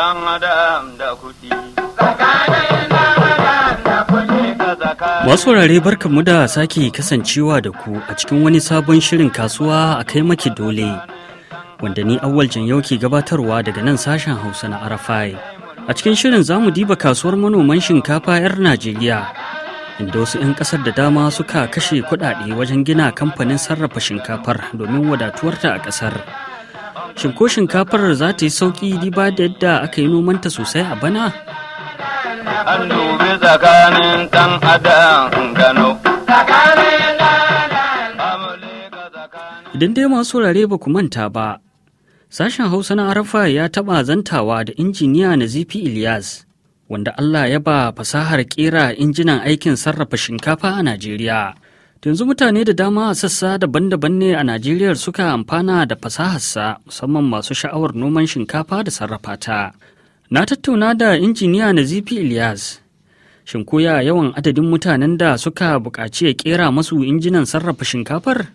dan adam da kuɗi. Masu wurare barkanmu da sake kasancewa da ku a cikin wani sabon shirin kasuwa a kai maki dole wanda ni awwal yau ke gabatarwa daga nan sashen hausa na arafai a cikin shirin za mu diba kasuwar manoman shinkafa 'yar najeriya inda wasu 'yan kasar da dama suka kashe kudade wajen gina kamfanin sarrafa shinkafar domin wadatuwarta a kasar Shin ko shinkafar za ta yi sauƙi diba da yadda aka yi nomanta sosai a bana? Idan dai masu rare ba ku manta ba, sashen Hausa na Arafa ya taɓa zantawa da injiniya na Zifi Ilyas. wanda Allah ya ba fasahar kera injinan aikin sarrafa shinkafa a Najeriya. yanzu mutane da dama a sassa daban-daban ne a najeriya suka amfana da fasaharsa musamman masu sha'awar noman shinkafa da sarrafa ta na tattauna da injiniya nazifi ilyas shin koya yawan adadin mutanen da suka buƙaci ya kera masu injinan sarrafa shinkafar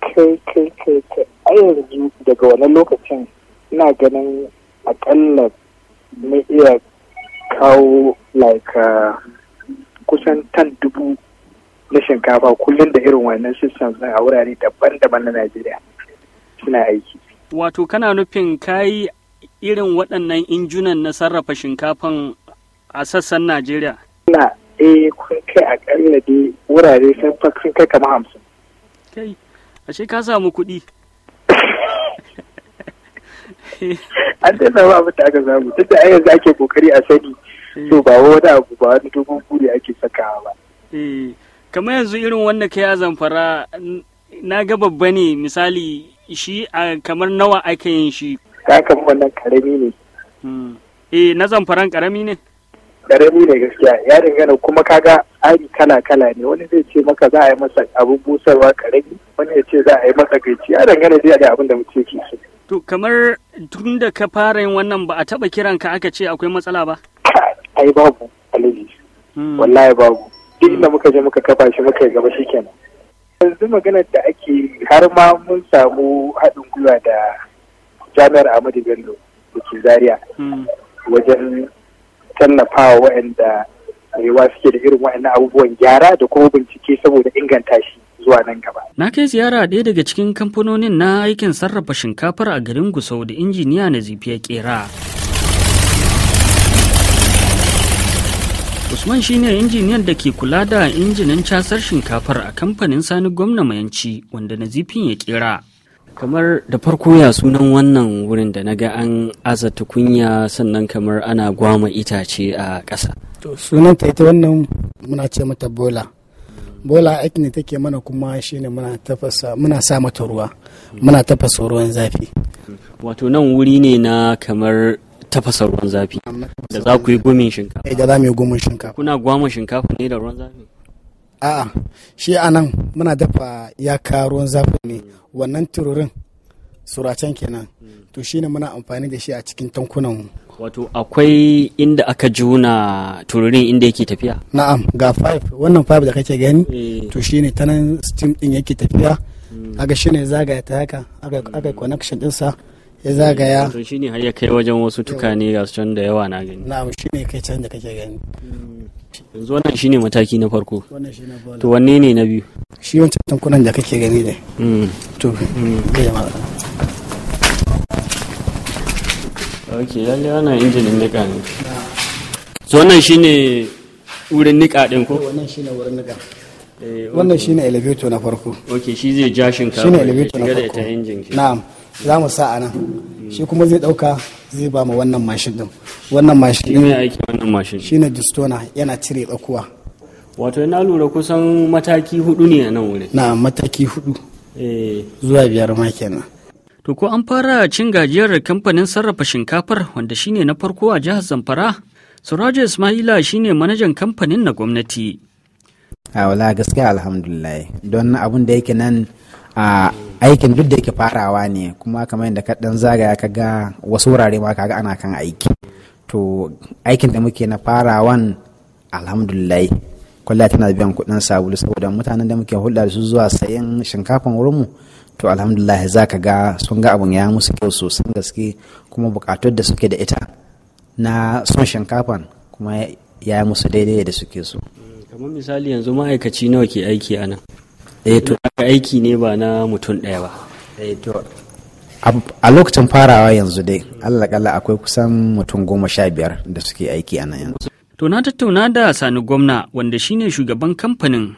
kai kai kai kai a yanzu daga wani lokacin ina ganin akalla na iya kawo like uh, kusan tan dubu na shinkafa kullum da irin wannan systems a wurare daban-daban na Najeriya suna aiki. Wato kana nufin kayi irin waɗannan injunan na sarrafa shinkafan a sassan Najeriya? Na, eh kun kai a ƙalla dai wurare sun kai kama hamsin. Kai, ashe ka samu kuɗi. An dai samu abu da aka samu, duk da yanzu ake kokari a sani, so eh. ba wani abu ba wani dogon buri ake sakawa ba. Eh. kamar yanzu irin wanda ka ya zamfara na ga babba ne misali shi a kamar nawa ake yin shi kakan wannan karami ne hmm. eh na zamfaran karami ne karami ne gaskiya ya dangana kuma kaga ari kala kala ne wani zai ce maka za a yi masa abu busarwa karami wani ya ce za a yi masa gaici ya dangana zai da abin da mutum ke so to kamar tun da ka fara yin wannan ba a taba kiran ka aka ce akwai matsala ba ai babu alaji hmm. wallahi babu duk inda muka je muka kafa shi muka gaba shi kenan yanzu maganar da ake har ma mun samu haɗin gwiwa da jami'ar Ahmadu Bello da ke Zaria hmm. wajen tallafawa waɗanda rayuwa suke da irin waɗannan abubuwan gyara da kuma bincike saboda inganta shi zuwa nan gaba. Na kai ziyara ɗaya daga cikin kamfanonin na aikin sarrafa shinkafar a garin Gusau da injiniya na zifiya kera. Usman shine injiniyan da ke kula da injinin casar shinkafar a kamfanin Sani Gwamna Mayanci wanda Nazifin ya kera. Kamar da farko ya sunan wannan wurin da na ga an aza tukunya sannan kamar ana gwama itace a ƙasa. sunan ta ita wannan muna ce mata bola. Bola aiki ne take mana kuma shine muna muna sa mata ruwa. Muna tafasa ruwan zafi. Wato nan wuri ne na kamar tafasa ruwan zafi da za ku yi gumin shinkafa da za mu yi gumin shinkafa kuna gwama shinkafa ne da ruwan zafi a'a shi anan muna dafa ka ruwan zafi ne wannan tururin suracen kenan to shine muna amfani da shi a cikin tankunan wato akwai inda aka juna tururin inda yake tafiya na'am ga five wannan five da kake gani eh. to shine ta nan steam din yake tafiya hmm. aga shine zagaya ta haka aga connection dinsa ya zagaya to shine har ya kai wajen wasu tukane ga su can da yawa na gani na'am shine kai can da kake gani hmm. yanzu wannan shine mataki na farko to wanne ne na biyu shi wancan tankunan da kake gani ne hmm. to ga hmm. jama'a ok lalle wannan injinin nika ne so wannan shine wurin nika din ko wannan shine wurin nika eh, wannan shine elevator na farko ok shi zai ja shinkafa shine elevator na farko na'am za mu sa a nan shi kuma zai dauka zai ba mu wannan mashin din wannan mashin din aiki wannan mashin Shi ne distona yana cire tsakuwa wato na lura kusan mataki hudu ne a nan wuri na mataki hudu eh. zuwa biyar ma kenan to ko an fara cin gajiyar kamfanin sarrafa shinkafar wanda shine na farko a jihar Zamfara Suraja Ismaila shine manajan kamfanin na gwamnati a wala gaskiya alhamdulillah don abun da yake nan a aikin duk da yake farawa ne kuma kamar yadda ka dan zagaya ka ga wasu wurare ma ka ga ana kan aiki to aikin da muke na farawan alhamdulillah kullum tana biyan kuɗin sabulu saboda mutanen da muke hulɗa su zuwa sayan shinkafan wurinmu to alhamdulillah za ka ga sun ga abun ya musu kyau sosan gaske kuma buƙatar da suke da ita na son shinkafan kuma ya musu daidai da suke so kamar misali yanzu ma'aikaci nawa ke aiki a nan eh to aiki ne ba na mutum ɗaya ba eh, a lokacin farawa yanzu dai allah akwai kusan mutum goma sha biyar da suke aiki a nan yanzu to na tattauna da sani gwamna wanda shine shugaban kamfanin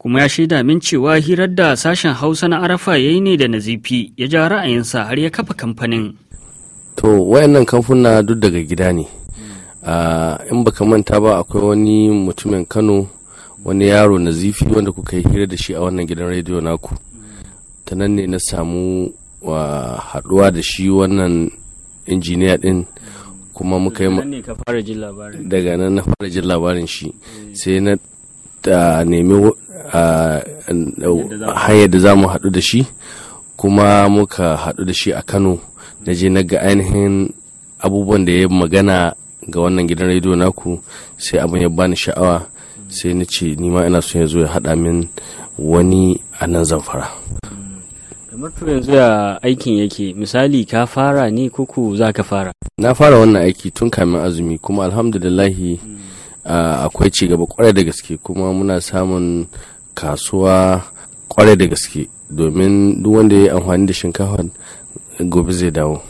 kuma ya shaida min cewa hirar da sashen hausa na arafa ya yi ne da nazifi ya ja ra'ayinsa har ya kafa kamfanin to wayannan kamfuna duk daga gida ne ah, in baka manta ba akwai wani mutumin kano wani yaro nazifi wanda kuka yi hira da shi a wannan gidan rediyo naku ta nan ne na samu haɗuwa da shi wannan injiniya din kuma muka yi daga nan na fara jin labarin shi sai na nemi hanyar da za mu haɗu da shi kuma muka haɗu da shi a kano na je na ga ainihin abubuwan da ya magana ga wannan gidan rediyo naku sai abin ya bani sha'awa sai na ce nima ina son ya zo ya haɗa min wani a nan zamfara kamar to yanzu ya aikin yake misali ka fara ne koko za ka fara na fara wannan aiki tun kamin azumi kuma alhamdulillahi mm. akwai ci gaba kwarai da gaske kuma muna samun kasuwa kwarai da gaske domin duk wanda ya yi amfani da shinkafa gobe zai dawo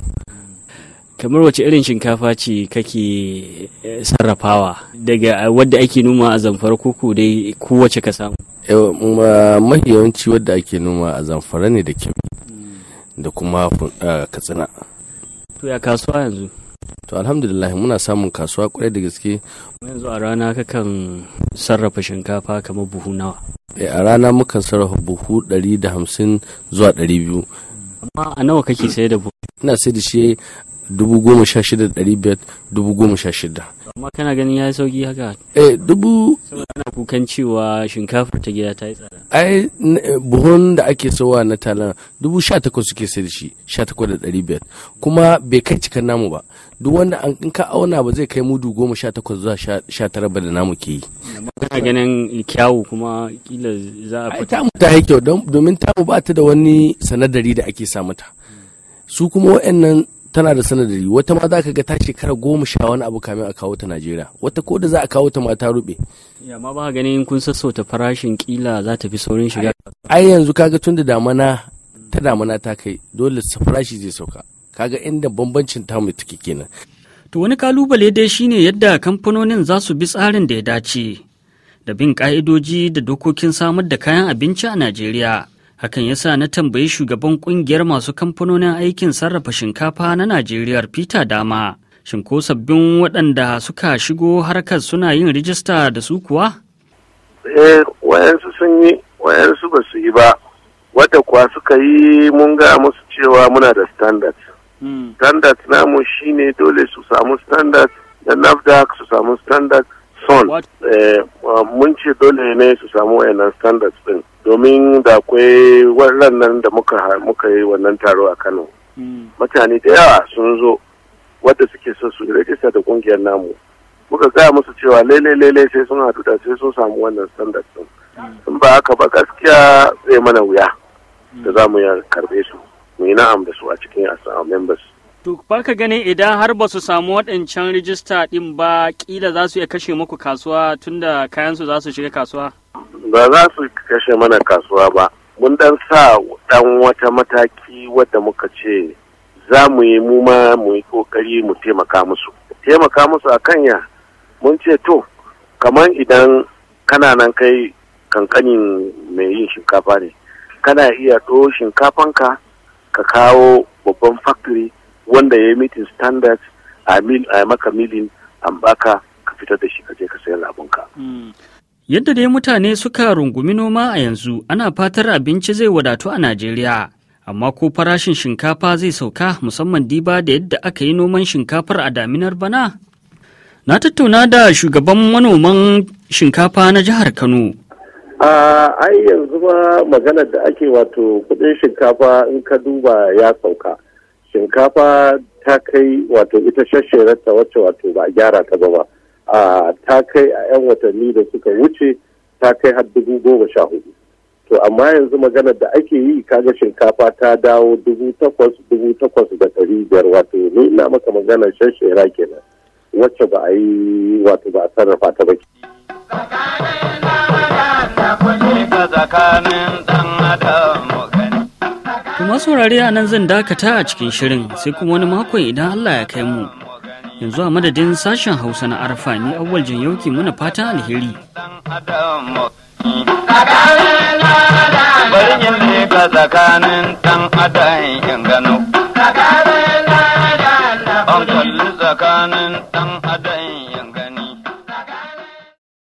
kamar wace irin shinkafa ce kake eh, sarrafawa daga eh, wadda ake noma a zamfara koko dai kowace ka samu mafi yawanci wadda ake noma a zamfara ne da kyau hmm. da kuma eh, katsina to ya kasuwa yanzu to alhamdulillah muna samun kasuwa kwarai da gaske yanzu a rana kakan sarrafa shinkafa kamar buhu nawa a rana mukan sarrafa buhu 150 zuwa 200 amma a nawa kake sayar da buhu ina sai da shi dubu goma sha shida da ɗari biyar dubu goma sha shida. amma kana ganin ya yi sauki haka eh dubu ana kukan cewa shinkafar ta gida ta yi tsada ai buhun da ake sowa na talan dubu sha takwas suke sai da shi sha takwas da ɗari biyar kuma bai kai cikan namu ba duk wanda an ka auna ba zai kai mudu goma sha takwas zuwa sha tara ba da namu ke yi kana ganin kyawu kuma kila za a fita tamu ta haikyau kyau domin tamu ba ta da wani sanadari da ake sa mata su kuma waɗannan tana da sanadari wata ma za ka ga ta shekara goma sha wani abu kamin a kawo ta najeriya wata ko da za a kawo ta ma ta rube ya ma ba ganin kun sassauta farashin kila za ta fi saurin shiga ai yanzu kaga tun da damana ta damana ta kai dole farashi zai sauka kaga inda bambancin ta tamu take kenan to wani kalubale dai shine yadda kamfanonin za su bi tsarin da ya dace da bin ka'idoji da dokokin samar da kayan abinci a najeriya hakan ya sa na tambayi shugaban kungiyar masu kamfanonin aikin sarrafa shinkafa na najeriya peter dama shin ko sabbin waɗanda suka shigo harkar suna yin rijista da su kuwa eh wayansu sun yi wayansu ba su yi ba wadda kuwa suka yi mun ga musu cewa muna da standard hmm. standard namu shine dole su samu standard da nafdac su samu standard son eh, mun ce dole ne su samu wayannan standards din domin da akwai waɗannan da muka yi wannan taro a kano hmm. mutane da yawa sun zo wadda suke so su rajista da kungiyar namu muka gaya musu cewa lele lele sai sun hadu da sai sun samu wannan standard din hmm. in ba haka ba gaskiya zai mana wuya hmm. da za mu karbe su mu yi na'am da su a cikin asa members To ka gani idan har ba su samu waɗancan rijista ɗin ba ƙila za su iya kashe muku kasuwa tunda kayansu za su shiga kasuwa? Ba za su kashe mana kasuwa ba. Mun ɗan sa ɗan wata mataki wadda muka ce za mu yi mu ma mu yi ƙoƙari mu taimaka musu. Taimaka musu a kanya mun ce to kamar idan kana nan kai kankanin mai yin shinkafa ne kana iya ɗo shinkafanka ka kawo babban factory wanda ya yi mitin standards a maka milin an baka ka fitar da shi ka je ka sayar abinka. Hmm. Yadda dai mutane suka rungumi noma a yanzu ana fatar abinci zai wadatu a Najeriya. Amma ko farashin shinkafa zai sauka musamman diba da yadda aka yi noman shinkafar a daminar bana? Na tattauna da shugaban manoman shinkafa na jihar Kano. ai yanzu ma maganar da ake wato kudin shinkafa in ka duba ya sauka. shinkafa ta kai wato ita shashirarta wacce wato ba a gyara ta ba ta kai a 'yan watanni da suka wuce ta kai har dubu goma sha hudu to amma yanzu magana da ake yi kaga shinkafa ta dawo dubu takwas dubu takwas da ɗari biyar wato ni ina maka maganar shashera kenan wacce ba a yi wato ba a sarrafa ta ba tsakanin ɗan adam Kuma saurari a nan zan dakata a cikin shirin sai kuma wani makon idan Allah ya kai mu. Yanzu a madadin sashen Hausa na arfani ni awwal yauki muna fata alheri.